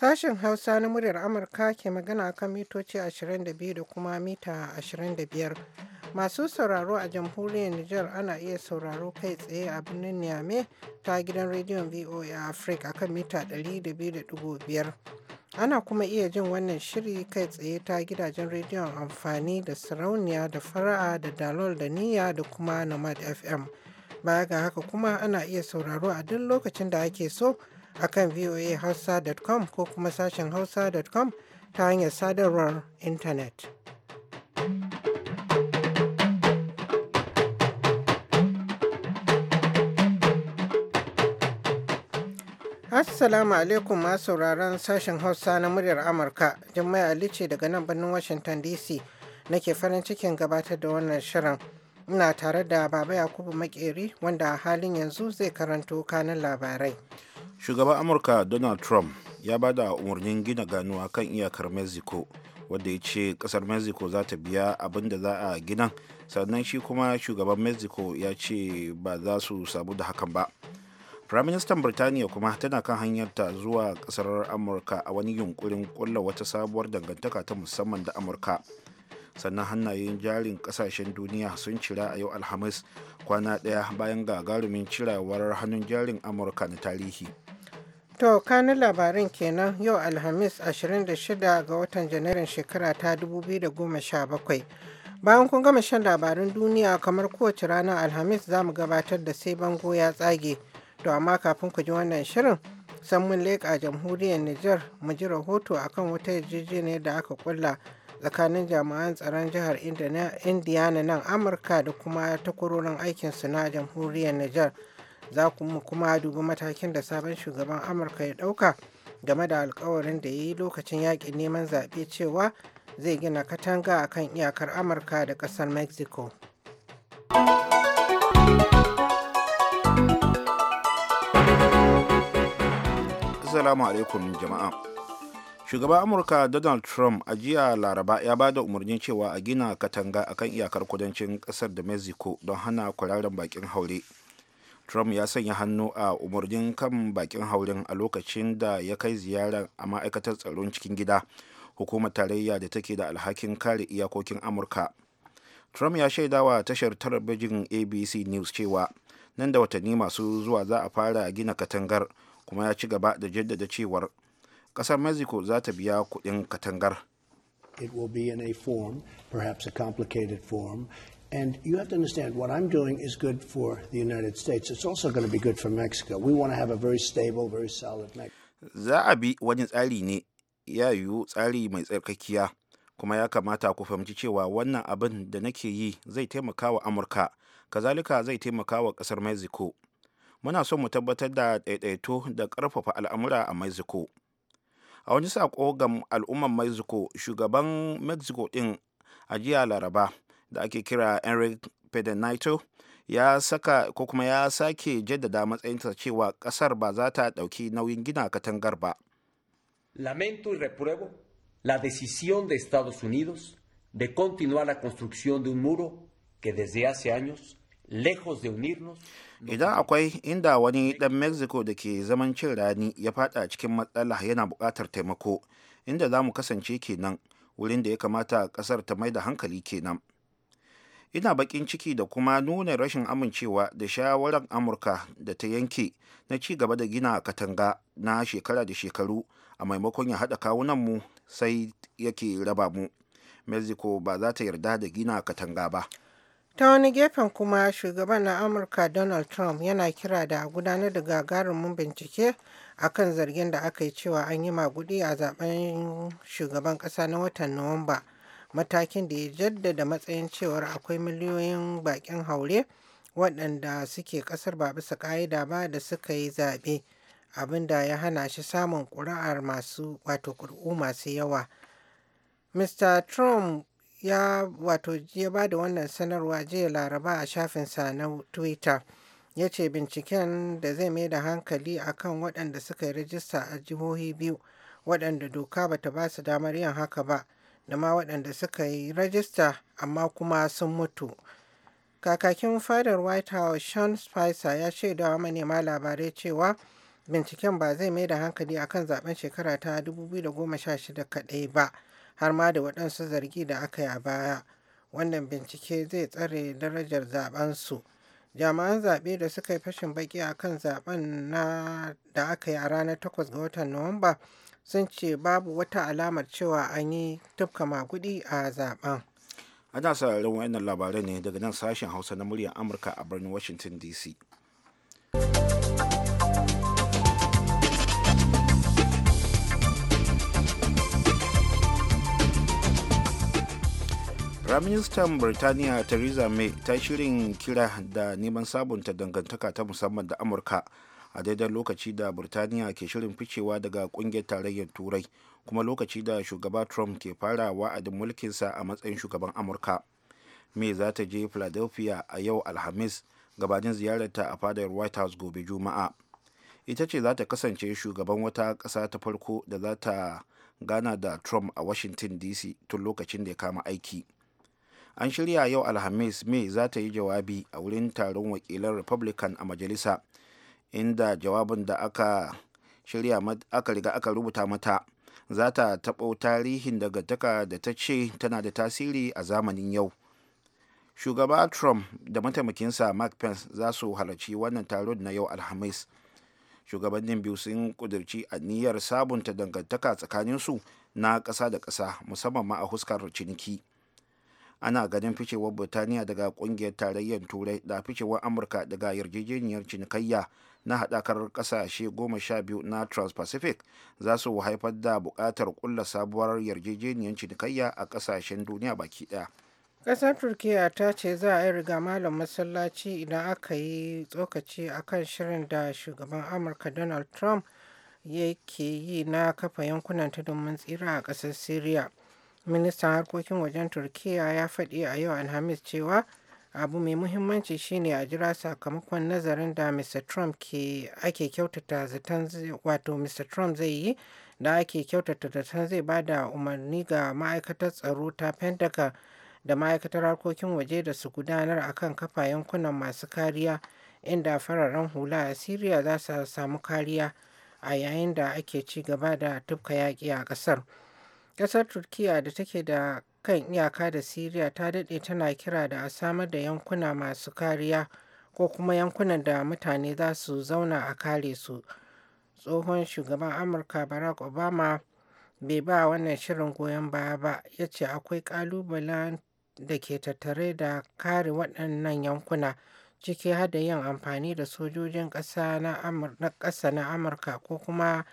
Sashen Hausa na muryar Amurka ke magana kan mitoci 22 da kuma mita 25. Masu sauraro a jamhuriyar Nijar ana iya sauraro kai tsaye a birnin Niamey ta gidan rediyon VOA Africa akan mita 200.5. Ana kuma iya jin wannan shiri kai tsaye ta gidajen rediyon amfani da sarauniya da fara'a da dalol da niyya da kuma Nomad FM. Baya ga haka kuma ana iya sauraro a duk lokacin da ake so. akan voahausa.com ko kuma sashen hausa.com ta hanyar sadarwar intanet. Assalamu alaikum masu sauraron sashen Hausa na muryar Amurka, Jummai Ali ce daga nan birnin Washington DC nake farin cikin gabatar da wannan shirin. Ina tare da Baba Yakubu Makeri wanda a halin yanzu zai karanto kanin labarai. shugaban amurka donald trump ya ba da umarnin gina ganuwa kan iyakar mexico wadda ya ce kasar mexico za ta biya abin da za a gina sannan shi kuma shugaban mexico ya ce ba za su sabu da hakan ba firaministan birtaniya kuma tana kan hanyarta zuwa kasar amurka a wani yunkurin kulla wata sabuwar dangantaka ta musamman da amurka sannan hannayen jarin kasashen duniya sun cira a yau alhamis kwana daya bayan gagarumin cirawar hannun jarin amurka na tarihi to kanin labarin kenan yau alhamis 26 ga watan janairun shekara ta 2017 bayan kun gama shan labarin duniya kamar kowace ranar alhamis za mu gabatar da sai bango ya tsage to amma kafin ku ji wannan shirin san mun leƙa jamhuriyar niger mu ji rahoto akan wata yarjejeniyar da aka kulla tsakanin jami'an tsaron jihar indiana nan amurka da kuma takwarorin aikinsu na jamhuriyar niger za kuma kuma dubi matakin da sabon shugaban amurka ya dauka game da alkawarin da ya yi lokacin yakin neman zaɓe cewa zai gina katanga a kan iyakar amurka da ƙasar mexico Assalamu alaikum jama'a. shugaban amurka donald trump a jiya laraba ya ba da umarnin cewa a gina katanga a kan iyakar kudancin kasar da mexico don hana kwararren bakin haure trump ya sanya hannu a umarnin kan bakin hauren a lokacin da ya kai ziyara a ma'aikatar tsaron cikin gida hukumar tarayya da take da alhakin kare iyakokin amurka trump ya shaidawa tashar talabijin abc news cewa nan da watanni masu zuwa za a fara gina katangar kuma ya ci gaba da jaddada cewar ƙasar mexico za ta biya kuɗin katangar it will be in a form perhaps a complicated form And you have to understand what I'm doing is good for the United States. It's also going to be good for Mexico. We want to have a very stable, very solid Mexico. Za a bi wani tsari ne ya yiwu tsari mai tsarkakiya kuma ya kamata ku fahimci cewa wannan abin da nake yi zai taimaka wa Amurka, kazalika zai taimaka wa ƙasar Mexico. Muna so mu tabbatar da ɗaiɗaito da ƙarfafa al'amura a Mexico. a wani sako ga al'ummar mexico shugaban mexico din a jiya laraba da ake kira enrique pedenito ya saka ko kuma ya sake jaddada matsayinsa cewa kasar ba za ta dauki nauyin gina katangar ba lamento y repruebo la decisión de estados unidos de continuar la construcción de un muro que desde hace años lejos de unirnos idan akwai inda wani dan mexico da ke zaman cin rani ya fada cikin matsala yana buƙatar taimako inda za mu kasance kenan wurin da ya kamata ƙasar ta mai da hankali kenan ina baƙin ciki da kuma nuna rashin amincewa da shawarar amurka da ta yanke na ci gaba da gina katanga na shekara da shekaru a maimakon ya haɗa mu sai yake raba mu mexico ba za ta yarda da gina katanga ba Ta wani gefen kuma shugaban na Amurka Donald Trump yana kira da gudanar da gagarumin bincike a kan zargin da aka yi cewa an yi maguɗi a zaben shugaban ƙasa na watan Nuwamba, matakin da ya jaddada matsayin cewar akwai miliyoyin baƙin haure waɗanda suke ƙasar ba bisa ƙa'ida ba da suka yi zaɓe, abin da ya hana shi samun ƙuri'ar masu wato ƙuri'u masu yawa. Mr. Trump ya wato ya ba da wannan sanarwa jiya laraba a shafinsa na twitter ya ce binciken da zai mai da hankali a kan waɗanda suka yi rajista a jihohi biyu waɗanda doka bata ba su damar yin haka ba da ma waɗanda suka yi rajista amma kuma sun mutu kakakin fadar white house sean spicer ya shaidawa manema labarai cewa binciken ba zai mai da hankali a kan zaben shekara ta 2016 kaɗai ba har ma da waɗansu zargi da aka yi a baya wannan bincike zai tsare darajar zabensu jami'an zaɓe da suka yi fashin baki a kan zaben na da aka yi a ranar 8 ga watan nuwamba sun ce babu wata alamar cewa an yi tufka magudi a zaben ana sararin wayannan labarai ne daga nan sashen hausa na muryar amurka a birnin washington dc firaministan birtaniya theresa may ta shirin kira da neman sabunta dangantaka ta musamman da amurka a daidai lokaci da birtaniya ke shirin ficewa daga kungiyar tarayyar turai kuma lokaci da shugaba trump ke fara wa'adin mulkinsa a matsayin shugaban amurka may za ta je philadelphia a yau alhamis gabanin ziyararta a fadar white house gobe juma'a ita ce za ta kasance shugaban wata ƙasa ta farko da za ta gana da trump a washington dc tun lokacin da ya kama aiki an shirya yau alhamis may za ta yi jawabi a wurin taron wakilan republican a majalisa inda jawabin da aka shirya aka riga aka rubuta mata za ta taɓo tarihin daga taka da ta ce tana da tasiri a zamanin yau shugaba trump da mataimakinsa mark pence za su halarci wannan taron na yau alhamis shugabannin biyu sun kudurci aniyar sabunta dangantaka tsakaninsu na ƙasa da ƙasa musamman ma a huskar ciniki. ana ganin ficewar birtaniya daga kungiyar tarayyar turai da ficewar amurka daga yarjejeniyar cinikayya na haɗakar ƙasashe goma sha biyu na transpacific za su haifar da buƙatar ƙulla sabuwar yarjejeniyar cinikayya a ƙasashen duniya baki ɗaya ƙasar turkiya ta ce za a yi riga malam masallaci idan aka yi tsokaci akan shirin da shugaban amurka donald trump yake yi na kafa yankunan tudun mun tsira a ƙasar syria ministan harkokin wajen turkiya ya faɗi a yau alhamis cewa abu mai muhimmanci shine a jira sakamakon nazarin da mr trump ke ake kyautata zaton wato mr trump zai yi da ake kyautata zaton zai ba da umarni ga ma'aikatar tsaro ta pentagon da ma'aikatar harkokin waje da su gudanar a kan kafa yankunan masu kariya inda fararen hula a syria za su samu kariya a yayin da ake ci gaba da tufka yaƙi a ƙasar. Ƙasar turkiya da take da kan iyaka da Siriya ta daɗe tana kira da a samar da yankuna masu kariya ko kuma yankunan da mutane za su zauna a kare su. Tsohon shugaban Amurka Barack Obama bai ba wannan shirin goyon baya ba ya ce akwai ƙalubalen da ke tattare da kare waɗannan yankuna ciki har yin amfani da sojojin ƙasa na Amurka ko kuma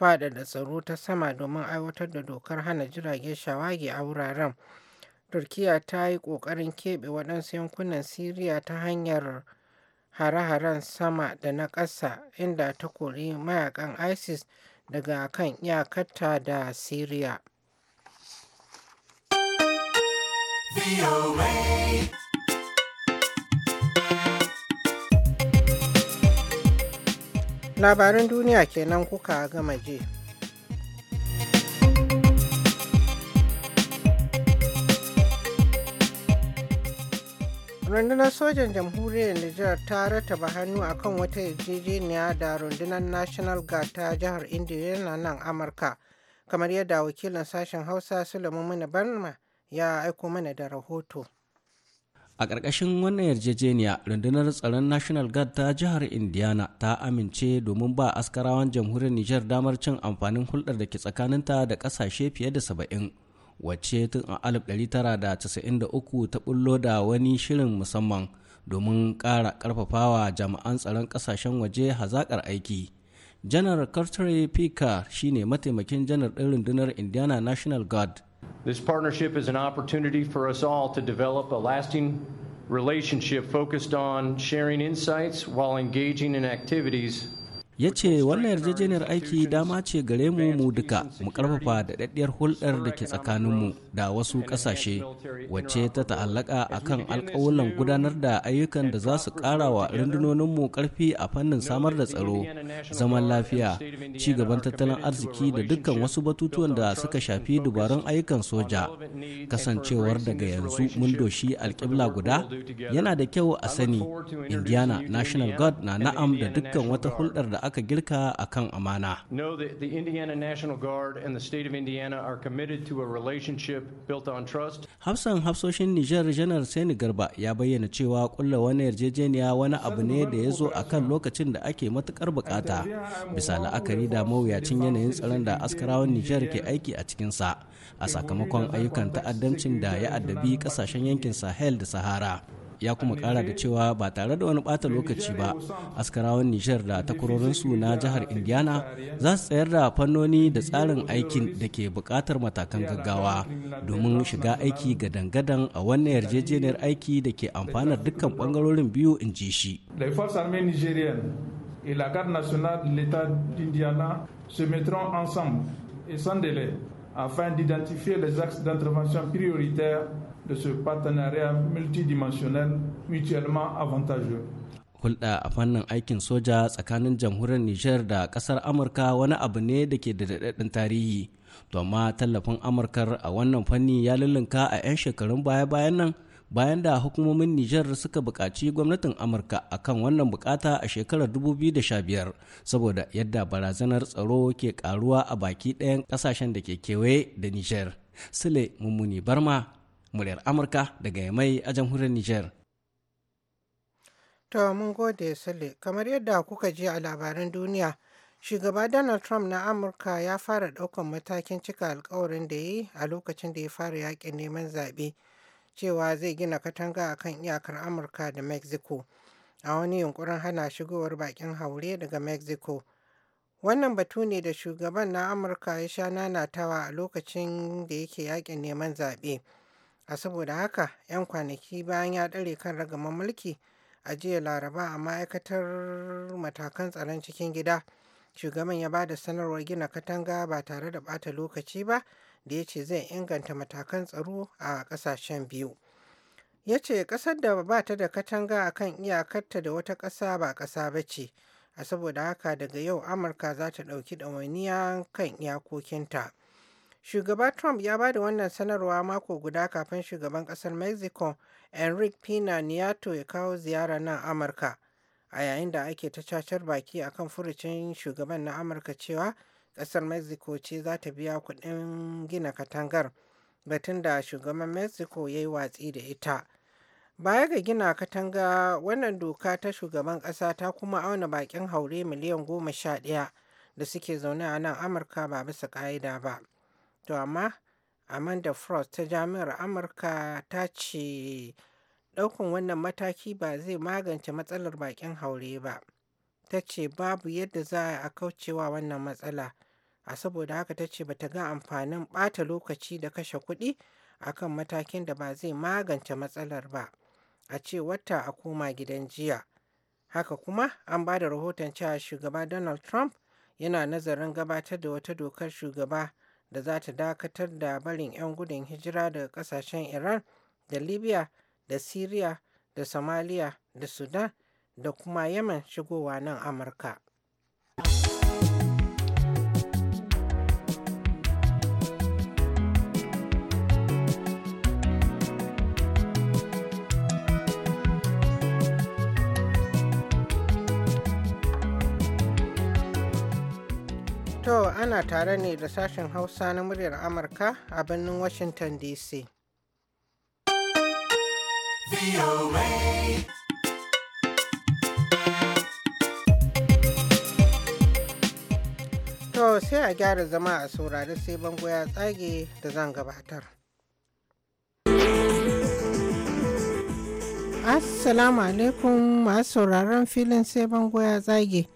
faɗaɗa tsaro ta sama domin aiwatar da dokar hana jiragen shawagi a wuraren turkiya ta yi ƙoƙarin keɓe waɗansu yankunan siriya ta hanyar hare-haren sama da na ƙasa inda ta kori mayakan isis daga kan iyakarta da siriya labaran duniya kenan kuka gama je. rundunar sojan jamhuriyar nijar ta rataba hannu a kan wata yarjejeniya da rundunar national guard ta jihar indiana nan amurka kamar yadda wakilin sashen hausa sulaiman mana barma ya aiko mana da rahoto a ƙarƙashin wannan yarjejeniya rundunar tsaron national guard ta jihar indiana ta amince domin ba askarawan jamhuriyar niger damar cin amfanin hulɗar da ke tsakaninta da ƙasashe fiye da saba'in wacce tun a 1993 ta bullo da wani shirin musamman domin ƙara ƙarfafawa jami'an tsaron ƙasashen waje hazaƙar aiki janar carter pika shine mataimakin janar ɗin rundunar indiana national guard This partnership is an opportunity for us all to develop a lasting relationship focused on sharing insights while engaging in activities ya ce wannan yarjejeniyar aiki dama ce gare mu mu duka mu karfafa da daddiyar hulɗar da ke tsakaninmu da wasu ƙasashe wacce ta ta'allaka a kan alƙawulan gudanar da ayyukan da za su ƙara wa rundunoninmu ƙarfi a fannin samar da tsaro zaman lafiya ci gaban tattalin arziki da dukkan wasu batutuwan da suka shafi dubarun ayyukan soja kasancewar daga yanzu mun doshi alƙibla guda yana da kyau a sani indiana national guard na na'am da dukkan wata hulɗar da aka girka a kan amana. Know that the Indiana National Guard and the state of Indiana are committed to a relationship built on trust. Hafsan hafsoshin Nijar Janar Sani Garba ya bayyana cewa kulla wani yarjejeniya wani abu ne da ya zo a kan lokacin da ake matukar bukata bisa la'akari da mawuyacin yanayin tsaron da askarawan Nijar ke aiki a cikinsa a sakamakon ayyukan ta'addancin da ya addabi kasashen yankin Sahel da Sahara. ya kuma kara da cewa ba tare da wani bata lokaci ba askarawan nijar da takwarorinsu na jihar indiana za su tsayar da fannoni da tsarin aikin da ke bukatar matakan gaggawa domin shiga aiki ga dangadan a wannan yarjejeniyar aiki da ke amfanar dukkan bangarorin biyu in ji shi ensemble afin d'identifier les axes d'intervention prioritaires de ce partenariat multidimensionnel mutuellement avantageux. Hulɗa a fannin aikin soja tsakanin jamhuriyar Nijar da ƙasar Amurka wani abu ne da ke da daɗaɗɗen tarihi. To tallafin Amurkar a wannan fanni ya lullunka a 'yan shekarun baya-bayan nan bayan da hukumomin Nijar suka buƙaci gwamnatin Amurka a kan wannan bukata a shekarar 2015 saboda yadda barazanar tsaro ke karuwa a baki ɗayan ƙasashen da ke kewaye da Nijar. Sule Mummuni Barma muryar Amurka daga Yamai a jamhuriyar Nijar. To mun gode sale kamar yadda kuka ji a labaran duniya, shugaba Donald Trump na Amurka ya fara daukan matakin cika alkawarin da yi a lokacin da ya fara yakin neman zaɓe cewa zai gina katanga a kan iyakar Amurka da Mexico a wani yunkurin hana shigowar bakin haure daga Mexico. Wannan batu ne da shugaban na Amurka ya sha nanatawa a lokacin da yake yakin neman zaɓe. a saboda haka 'yan kwanaki bayan ya ɗare kan ragaman mulki a jiya laraba a ma'aikatar matakan tsaron cikin gida shugaban ya ba da sanarwar gina katanga ba tare da bata lokaci ba da ya ce zai inganta matakan tsaro a ƙasashen biyu ya ce ƙasar da ba ta da katanga a kan iyakarta da wata ƙasa ba ƙasa ba ce a saboda haka daga yau amurka za ta ɗauki ɗawainiya kan iyakokinta Shugaba Trump ya ba da wannan sanarwa mako guda kafin shugaban ƙasar Mexico Enrique Pina Nieto ya kawo ziyara nan Amurka. A yayin da ake ta cacar baki akan furucin shugaban na Amurka cewa ƙasar Mexico ce za ta biya kuɗin gina katangar batun da shugaban Mexico ya yi watsi da ita. Baya ga gina katanga wannan doka ta shugaban ƙasa ta kuma auna bakin haure miliyan goma sha ɗaya da suke zaune a nan Amurka ba bisa ƙa'ida ba. To amma Amanda Frost ta Jami'ar Amurka ta ce ɗaukan wannan mataki ba zai magance matsalar baƙin haure ba. Ta ce babu yadda za a kaucewa wannan matsala. A saboda haka ta ce bata ga amfanin ɓata lokaci da kashe kuɗi akan matakin da ba zai magance matsalar ba. A ce wata a koma gidan jiya. Haka kuma an ba da rahoton cewa shugaba Donald Trump yana nazarin gabatar da wata dokar shugaba da za ta dakatar da barin 'yan gudun hijira daga kasashen iran da libya da syria da somalia da sudan da kuma yaman shigowa nan amurka ana tare ne da sashen Hausa na muryar Amurka a birnin Washington DC. To sai a gyara zama a saurari sai bango ya tsage da zan gabatar. Assalamu alaikum masu sauraron filin sai bango ya tsage.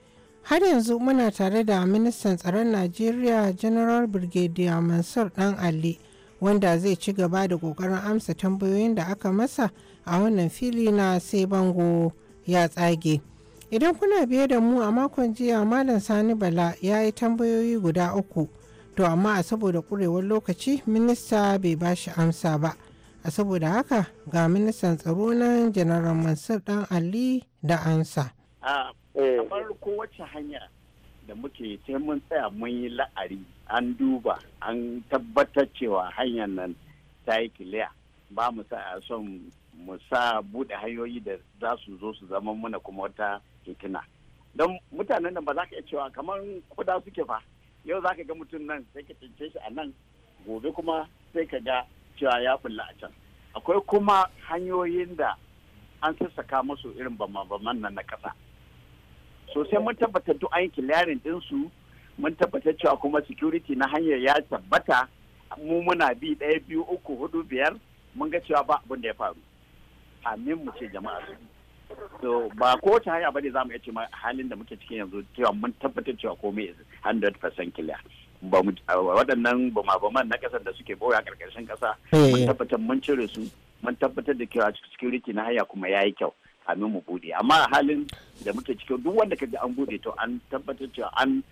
har yanzu muna tare da ministan tsaron najeriya general brigadier mansur dan ali wanda zai ci gaba da kokarin amsa tambayoyin da aka masa a wannan fili na sai bango ya tsage idan kuna biye da mu a makon jiya malam sani bala ya yi tambayoyi guda uku to amma a saboda kurewar lokaci minista bai ba shi amsa ba a saboda haka ga ministan tsaro nan general mansur dan ali da amsa. Ah, Eh. kamar kowace hanya da muke sai mun tsaya mun yi la'ari an duba an tabbatar cewa hanyar nan ta yi kiliya ba mu sa son mu sa buɗe hanyoyi da za su zo su zama muna kuma wata fitina don mutanen nan ba za ka iya cewa kamar kuda suke fa yau za ka ga mutum nan sai ka cince shi a nan gobe kuma sai ka ga cewa ya bulla a can akwai kuma hanyoyin da an sassaka musu irin bama-baman nan na ƙasa sosai mun tabbatar duk an din su mun tabbatar cewa kuma security na hanyar ya tabbata mu muna bi ɗaya biyu uku hudu biyar mun ga cewa ba abin da ya faru amin mu ce jama'a so ba kowace hanya ba ne za mu iya ce halin da muke cikin yanzu cewa mun tabbatar cewa komai 100% clear ba mu waɗannan bumabuman na ƙasar da suke boya ƙarƙashin ƙasa mun eh. tabbatar mun cire su mun tabbatar da cewa security na hanya kuma ya yi kyau min mu bude amma halin da muke cikin duk wanda kaji an bude to an tabbatar cewa an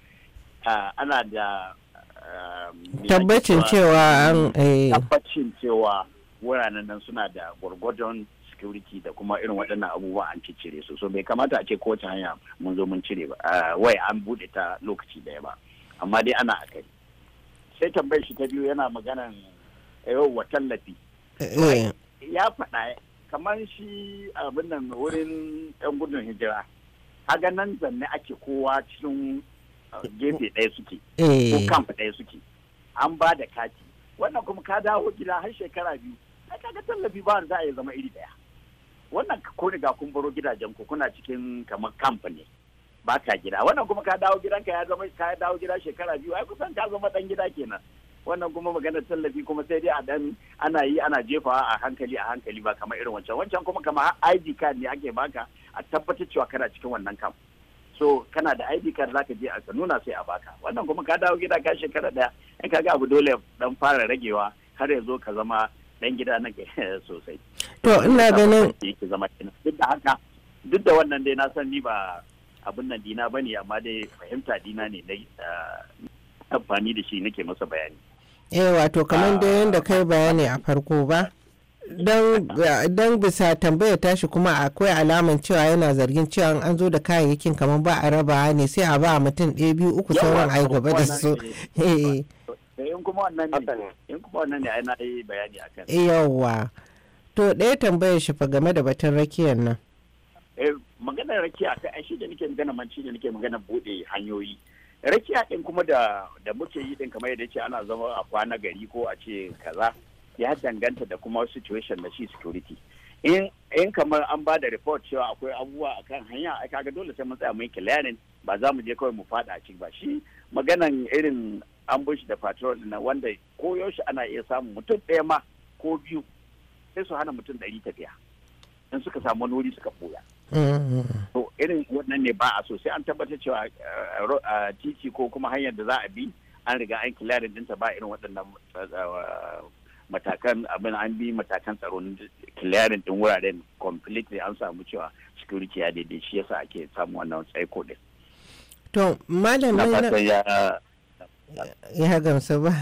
ah, ana da ah, tabbacin cewa an eh. tabbacin cewa wuraren nan suna da gwargwadon security da kuma irin waɗannan abubuwa an ciccire su so bai kamata a ce kowace hanya mun zo mun cire ba ah, wai an bude ta lokaci daya ba amma dai ana a kai sai tambayar shi ta biyu yana maganan yau wa tallafi eh, eh. ya faɗa kamar shi abin nan wurin yan gudun hijira haga nan zanne ake kowa cikin uh, gefe ɗaya suke ko kamfa eh. ɗaya suke an ba da kati wannan kuma ka dawo gida har shekara biyu ai kaga tallafi ba za a yi zama iri ɗaya wannan ko riga kun baro gidajen ku kuna cikin kamar kamfa ne ba ka gida wannan kuma ka dawo gidanka ya zama ka dawo gida shekara biyu ai kusan ka zama dan gida kenan wannan kuma maganar tallafi kuma sai dai a dan ana yi ana jefawa a hankali a hankali ba kamar irin wancan wancan kuma kamar ID card ne ake baka a tabbatar cewa kana cikin wannan kam so kana da ID card ka je a ka nuna sai a baka wannan kuma ka dawo gida ka shekara daya in ka ga abu dole dan fara ragewa har ya zo ka zama dan gida na sosai to ina ganin yake zama duk da haka duk da wannan dai na san ni ba abin nan dina bane amma dai fahimta dina ne na eh, amfani da shi nake masa bayani eh wato kamar da yadda kai ah, ah, bayani a farko ba don bisa tambaya tashi kuma akwai alaman cewa yana zargin cewa an zo da kayayyakin kamar ba a raba ne sai a ba mutum ɗaya biyu uku sauran a yi gaba da su eh, eh. Eh, Yawwa, yawa to ɗaya tambayar shi fa game da batun rakiyar nan maganar rakiya ta ashe shi da nake magana man shi da nake magana bude hanyoyi rakiya din kuma da da muke yi din kamar yadda ce ana zama a kwana gari ko a ce kaza ya danganta da kuma situation na shi security in kamar an ba da report cewa akwai abubuwa akan hanya ai kaga dole sai mun tsaya mun clearing ba za mu je kawai mu fada ciki ba shi maganan irin ambush da patrol na wanda ko yaushe ana iya samun mutum ɗaya ma ko biyu sai su hana mutum ɗari tafiya in suka samu wani wuri suka boya to irin wannan ne ba a so sai an tabbatar cewa uh, uh, titi ko kuma hanyar da za a bi an riga an kilarin dinta ba irin waɗannan uh, matakan abin an bi matakan tsaro kilarin din wuraren completely an samu cewa security ya daidai shi yasa ake samu wannan tsaiko din to malami na ya gamsu ba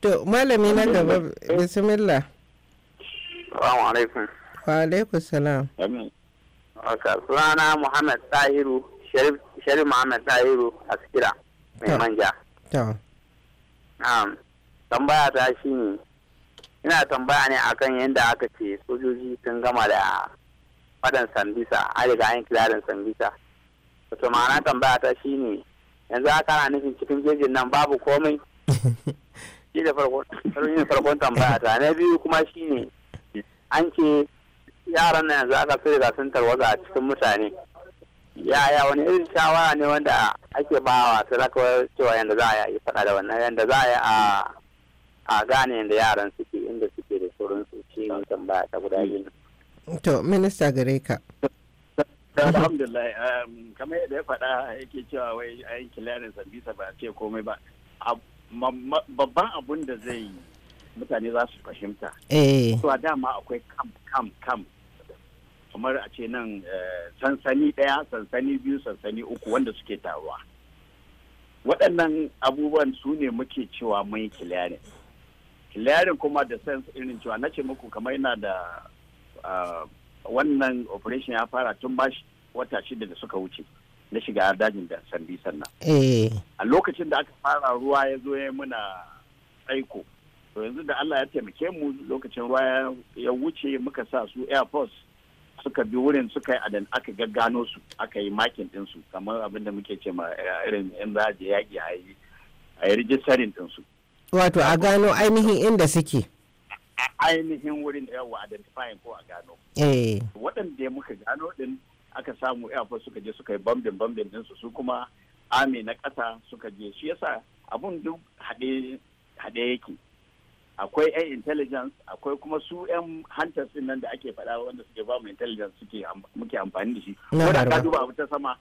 to malami na gaba bismillah wa alaikum wa alaikum salam Okay. Sunana Muhammad Tahiru, Sharif, Sharif Muhammad Tahiru a Sikira, mai manja. Um, tambaya ta shi ne, ina tambaya ne akan yadda aka ce sojoji sun gama da fadan sambisa, an riga an kirarin sambisa. Wato ma'ana tambaya ta shi ne, yanzu aka na nufin cikin jejin nan babu komai. Shi da farkon tambaya ta, na biyu kuma shi ne, an ce yaran na yanzu ka fi gasantar waza a cikin mutane yaya wani irin shawara ne wanda ake bawa talakawar cewa yadda za a yi faɗa da wannan yadda za a yi a gane yadda yaran suke inda suke da sauransu shi wancan tambaya ta guda biyu. to minista gare ka. alhamdulillah um, kamar yadda ya faɗa yake cewa wai ayin kilarin sambisa ba ce komai ba babban abun da zai yi mutane za su fahimta. Eh. a dama akwai kam kam kam kamar a ce nan eh, sansani ɗaya sansani biyu sansani uku wanda suke taruwa waɗannan abubuwan su ne muke cewa mai kiliyarin kiliyarin kuma da sense irin cewa na ce muku kamar yana da ah, wannan operation ya fara tun ba wata shida da suka wuce na shiga dajin da sandi sannan eh. a lokacin da aka fara ruwa ya zo ya muna tsaiko to yanzu da allah ya taimake mu lokacin ruwa ya wuce muka sa su air force suka bi wurin suka yi adan aka gaggano su aka yi makin ɗinsu kamar abin da muke ce ma eh, irin in za a je yaƙi a yi a rijistarin dinsu. Wato a gano ainihin inda suke. ainihin wurin da yawa identifying ko a gano. Eh. Waɗanda muka gano din aka samu fa suka je suka yi bambin bambin ɗinsu su kuma ami na ƙasa suka je shi yasa abun duk haɗe yake akwai 'yan intelligence akwai kuma su 'yan hunters din nan da ake faɗa wanda suke ba mu intelligence suke muke amfani da shi ko da ka duba ta sama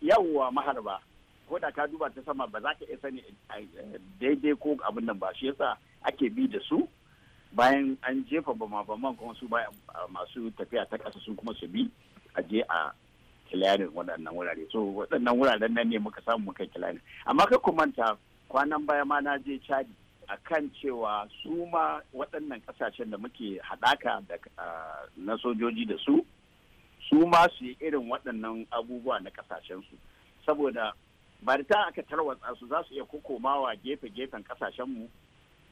yawwa maharba ko da ka duba ta sama ba za ka iya sani daidai ko abin nan ba shi yasa ake bi da su bayan an jefa bama baman kuma su bayan masu tafiya ta ƙasa su kuma su bi a je a kilanin waɗannan wurare so waɗannan wuraren nan ne muka samu muka kilanin amma kai ku manta kwanan baya ma na je chadi a kan cewa su ma waɗannan ƙasashen da muke haɗaka na sojoji da su su ma su yi irin waɗannan abubuwa na ƙasashensu saboda ba da ta aka tarwatsa su za su iya kokomawa gefe-gefen ƙasashenmu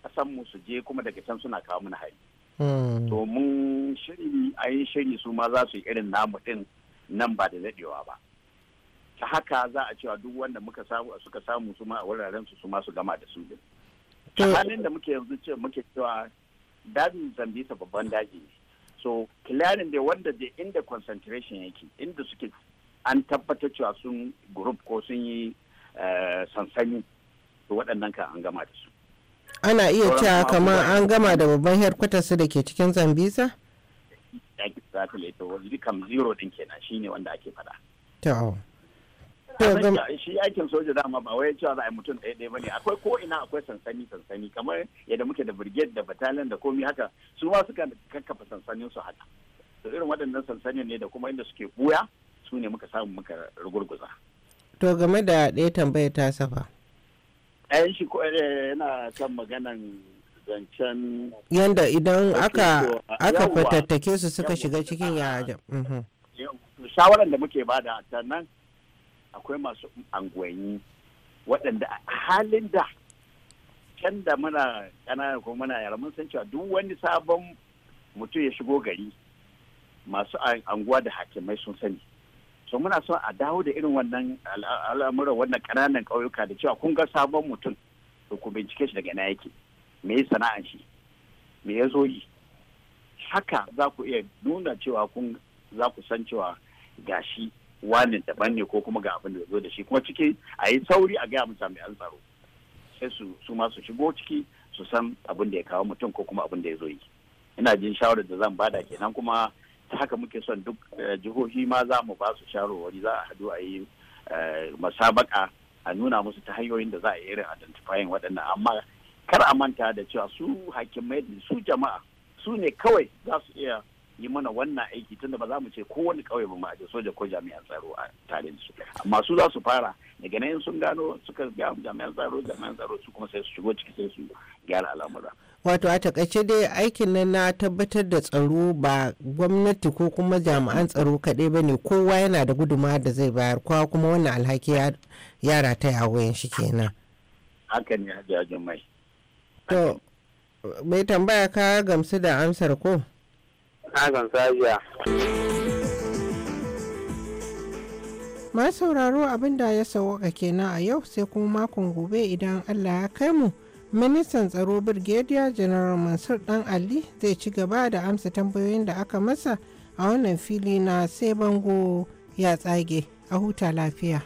ƙasanmu su je kuma daga can suna kawo mana hari hmm. to mun shiri a yi shiri su ma za su yi irin namu ɗin nan ba da daɗewa ba ta haka za a cewa duk wanda muka samu suka samu su ma a wuraren su su ma su gama da su din halin da muke yanzu ce muke cewa dajin zambisa babban daji ne so kilarin da wanda da inda concentration yake inda suke an tabbatar cewa sun group ko sun yi eh, sansani to waɗannan kan an gama da su ana iya cewa kamar an gama da babban headquarters da ke cikin zambisa ya ki zafi laifin wanzu kam zero din kenan shine wanda ake faɗa shi aikin soja dama ba wai cewa za a mutum ɗaya ɗaya bane akwai ko ina akwai sansani sansani kamar yadda muke da brigade da battalion da komi haka su ma suka kakkafa sansanin su haka to irin waɗannan sansanin ne da kuma inda suke buya su ne muka samu muka rugurguza to game da ɗaya tambaya ta safa ɗayan shi eh, yana kan maganan zancen yanda idan aka aka fatattake su suka shiga cikin ya mhm. shawaran da muke bada ta nan akwai masu angwanyi waɗanda halin da can da muna ƙanana ko muna yara mun san cewa duk wani sabon mutum ya shigo gari masu anguwa da hakimai sun sani so muna son a dawo da irin wannan al'amuran wannan ƙananan ƙauyuka da cewa kun ga sabon mutum to ku bincike shi daga na yake me ya sana'an shi me ya zo yi haka za ku iya nuna cewa kun za ku san cewa gashi Wanin daban ne ko kuma ga abin da zo da shi kuma ciki a yi sauri a gaya mu jami'an tsaro sai su su ma su shigo ciki su san abin da ya kawo mutum ko kuma abin da ya zo yi ina jin shawarar da zan bada kenan kuma ta haka muke son duk eh, jihohi ma za mu ba su shawarwari za a hadu a yi eh, masabaka a nuna musu ta hanyoyin da za a yi irin identifying waɗannan amma kar a manta da cewa su hakimai su jama'a su ne kawai za su iya yi mana wannan aiki tunda ba za mu ce kowane ƙauye ba ma soja ko jami'an tsaro a tare da su amma su za su fara daga nan sun gano suka ga jami'an tsaro jami'an tsaro su kuma sai su shigo ciki sai su gyara al'amura wato a takaice dai aikin nan na tabbatar da tsaro ba gwamnati ko kuma jami'an tsaro kaɗai ba ne kowa yana da guduma da zai bayar kowa kuma wannan alhaki yara ta yawoyin shi kenan haka ne jajin mai to mai tambaya ka gamsu da amsar ko Hassan Sabiya. Ma sauraro abinda da ya sauwaka kenan a yau sai kuma makon gobe idan Allah ya kai mu. Ministan tsaro Birgediya General Mansur Dan Ali zai ci gaba da amsa tambayoyin da aka masa a wannan fili na sai bango ya tsage a huta lafiya.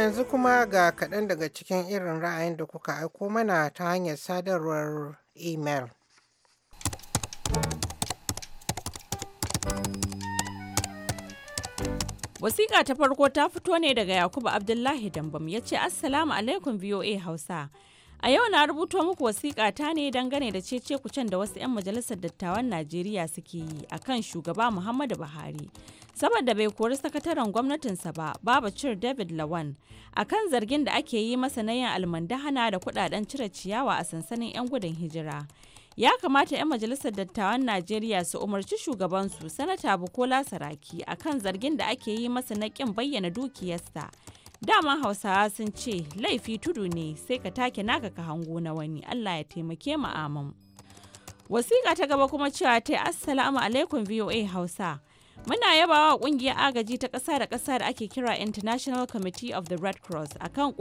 yanzu kuma ga kaɗan daga cikin irin ra'ayin da kuka aiko mana ta hanyar sadarwar email. Wasiƙa ta farko ta fito ne daga Yakubu Abdullahi Dambam ya ce Assalamu alaikum VOA Hausa. A yau na rubuto muku wasiƙa ta ne dangane da cece kucen da wasu 'yan majalisar dattawan Najeriya suke yi a kan shugaba Muhammadu Buhari. Saboda bai kori sakataren gwamnatinsa ba, Baba Cir David Lawan, a kan zargin da ake yi masa na yin almandahana da kudaden cire ciyawa a sansanin 'yan gudun hijira. Ya kamata 'yan majalisar dattawan Najeriya su umarci shugabansu, Sanata Bukola Saraki, a kan zargin da ake yi masa na ƙin bayyana dukiyarsa. dama hausawa sun ce laifi tudu ne sai ka take naka ka hango na wani allah ya taimake mu amin wasiƙa ta gaba kuma cewa ta assalamu alaikum voa hausa muna yabawa kungiyar agaji ta ƙasa da ƙasa da ake kira international committee of the red cross akan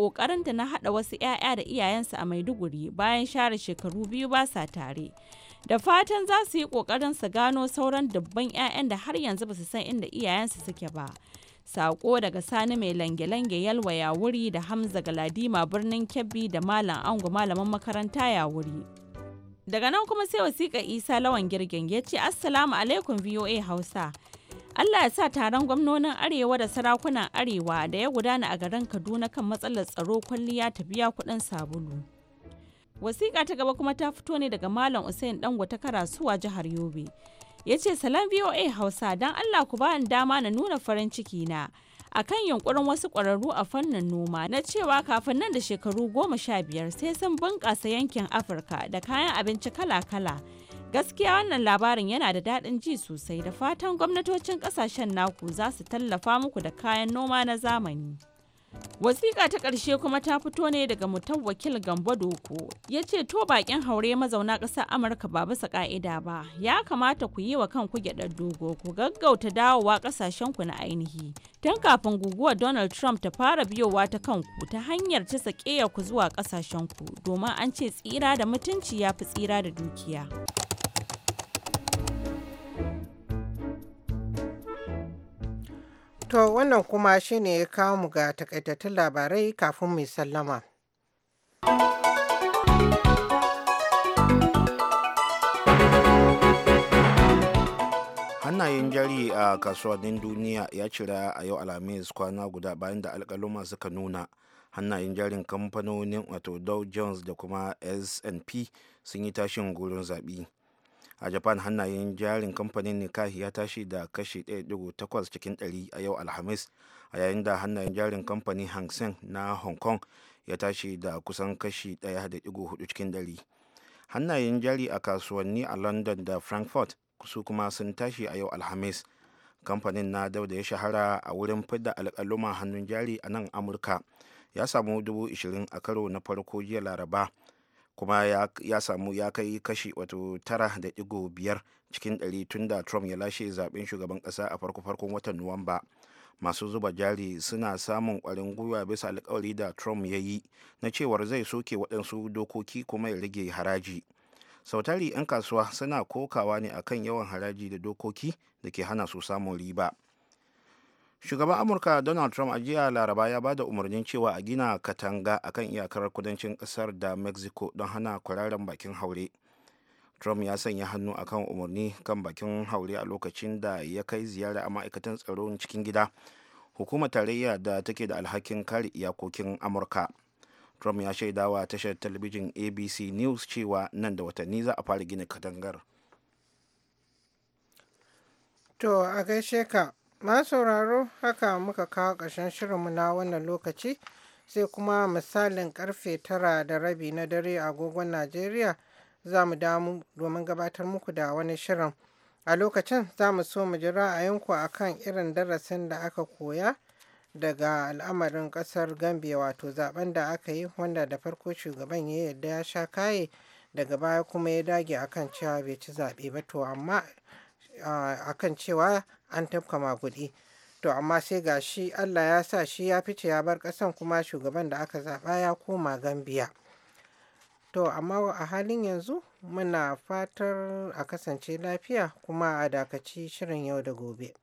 ta na haɗa wasu 'ya'ya da iyayensu a maiduguri bayan share shekaru biyu ba sa tare da fatan za su yi ƙoƙarin su gano sauran dubban 'ya'yan da har yanzu ba su san inda iyayensu suke ba Sako daga Sani mai lange-lange yalwa ya wuri da Hamza Galadima birnin Kebbi da Malam Ango malaman makaranta ya wuri. Daga nan kuma sai wasiƙa Isa Lawan Girgin ya ce Assalamu alaikum VOA Hausa. Allah ya sa taron gwamnonin Arewa da sarakunan Arewa da ya gudana a garin Kaduna kan matsalar tsaro kwalliya ta biya kuɗin sabulu. Wasiƙa ta gaba kuma ta fito ne daga Malam Usain Dango ta karasuwa jihar Yobe. ya ce salam voa hausa don allah ku bani dama na nuna farin ciki na akan yunkurin wasu ƙwararru a fannin noma na cewa kafin nan da shekaru goma sha biyar sai sun bunƙasa yankin afirka da kayan abinci kala-kala gaskiya wannan labarin yana da daɗin ji sosai da fatan gwamnatocin ƙasashen naku za su tallafa muku da kayan noma na zamani. wasiƙa ta ƙarshe kuma ta fito ne daga mutum wakil gambo doko ya ce to bakin haure mazauna ƙasar amurka ba bisa ƙa'ida ba ya kamata ku yi wa kanku gyaɗar dogo ku gaggauta dawowa ƙasashenku na ainihi tun kafin guguwar donald trump ta fara biyowa ta kanku ta hanyar ta ku zuwa ƙasashen ku domin an ce tsira da mutunci ya fi tsira da dukiya. To wannan kuma shi ne ya kawo mu ga takaitattun labarai kafin mu sallama. hannayen jari a kasuwannin duniya ya cira a yau alhamis kwana guda bayan da alkaluma suka nuna hannayen jarin kamfanonin wato dow jones da kuma S&P sun yi tashin gurin zaɓi. a japan hannayen jarin kamfanin nikahi ya tashi da kashi 1.8 cikin 100 a yau alhamis a yayin da hannayen jarin kamfanin hang seng na hong kong ya tashi da kusan kashi 1.4 cikin 100 hannayen jari a kasuwanni a london da frankfurt su kuma sun tashi a yau alhamis kamfanin na dau da ya shahara a wurin fidda alƙaluma hannun jari a nan amurka ya samu 20,000 a karo na farko jiya laraba kuma ya, samu ya kai kashi wato tara da digo biyar cikin ɗari tun da trump ya lashe zaben shugaban ƙasa a farko farkon watan nuwamba masu zuba jari suna samun ƙwarin gwiwa bisa alkawari da trump ya yi na cewar zai soke waɗansu dokoki kuma ya rage haraji sautari 'yan kasuwa suna kokawa ne akan yawan haraji da dokoki da ke hana su samun riba shugaban amurka donald trump a jiya laraba ya bada umarnin cewa a gina katanga akan iyakar kudancin kasar da mexico don hana kwararren bakin haure trump ya sanya hannu akan umarni kan bakin haure a lokacin da ya kai ziyara a ma'aikatan tsaron cikin gida hukumar tarayya da take da alhakin kare iyakokin amurka trump ya shaidawa tashar talabijin abc news cewa nan da watanni za a fara gina katangar to a gaishe ka Ma sauraro haka muka kawo ƙarshen shirinmu na wannan lokaci sai kuma misalin karfe tara da rabi na dare agogon Najeriya za mu damu domin gabatar muku da wani shirin. A lokacin za mu so mu ji ra'ayinku a kan irin darasin da aka koya daga al'amarin ƙasar Gambia wato zaben da aka yi wanda da farko shugaban ya yarda ya sha kaye daga baya kuma ya dage akan cewa bai ci zaɓe ba to amma a kan cewa an tafka maguɗi to amma sai ga shi allah ya sa shi ya fice ya bar ƙasan kuma shugaban da aka zaɓa ya koma gambiya to amma a halin yanzu muna fatar a kasance lafiya kuma a dakaci shirin yau da gobe